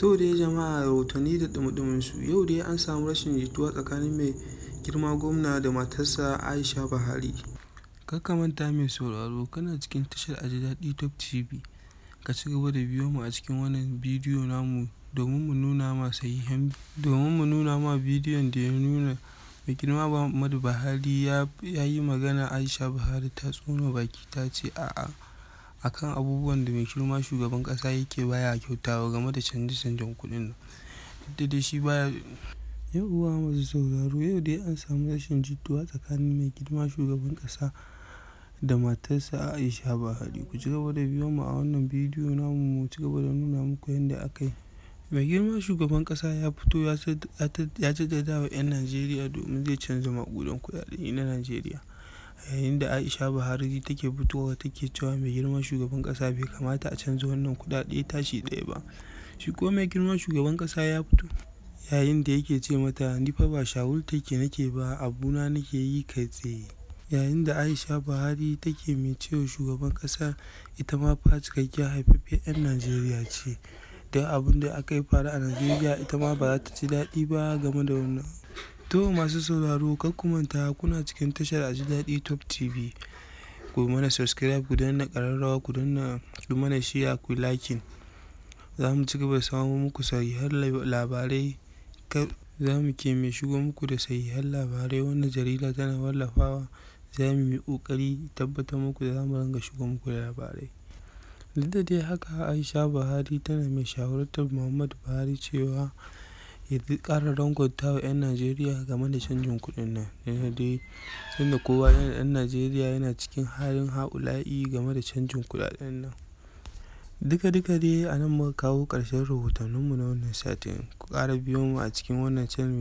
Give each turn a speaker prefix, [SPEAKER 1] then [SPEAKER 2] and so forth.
[SPEAKER 1] To dai jama'a rahotanni da dumudumin su yau dai an samu rashin jituwa tsakanin mai girma gwamna da matarsa Aisha Buhari. Kaka manta mai sauraro kana cikin tashar aji daɗi Top TV. Ka ci gaba da biyo mu a cikin wannan bidiyo namu domin mu nuna ma domin mu nuna ma bidiyon da ya nuna mai girma ba Muhammadu Buhari ya yi magana Aisha Buhari ta tsoma baki ta ce a'a. a kan abubuwan da mai girma shugaban ƙasa yake baya kyautawa game da canje-canjen kuɗin nan. Duk da shi baya uwa masu sauraro yau dai an samu rashin jituwa tsakanin mai girma shugaban kasa da matarsa a Aisha bahari Ku ci gaba da biyo mu a wannan bidiyo namu mu ci gaba da nuna muku yadda aka yi. Mai girma shugaban kasa ya fito ya jaddada wa 'yan Najeriya domin zai canza maƙudan kuɗaɗe na Najeriya. Yayin da Aisha Buhari take fitowa take cewa Mai Girma Shugaban kasa bai kamata a canza wannan kudade tashi ɗaya ba, shi ko Mai Girma Shugaban kasa ya fito, yayin da yake ce mata ni fa ba take nake ba abuna nake yi kai tsaye. Yayin da Aisha Buhari take mai cewa Shugaban kasa ita ma fa cikakkiyar haifaffiyar 'yan Najeriya ce, don abin da aka yi faru a Najeriya ita ma ba za ta ci daɗi ba game da wannan. To masu sauraro kar ku manta kuna cikin tashar a ji daɗi Top TV. Ku mana subscribe ku danna ƙararrawa ku danna ku mana shiya ku like Za mu ci gaba da samo muku sahihan labarai za mu ke mai shigo muku da sahihan labarai wanda jarida tana wallafawa za mu yi ƙoƙari tabbatar muku da za mu ranga shigo muku da labarai. Duk da dai haka Aisha Buhari tana mai shawartar muhammad Buhari cewa ya ƙara rangwanta wa 'yan Najeriya game da canjin kuɗin nan. da dai tunda kowa yan Najeriya yana cikin halin ha'ula'i game da canjin kuɗaɗen nan. Duka duka dai a nan muka kawo ƙarshen rahotanninmu na wannan satin. Ku ƙara biyo mu a cikin wannan channel.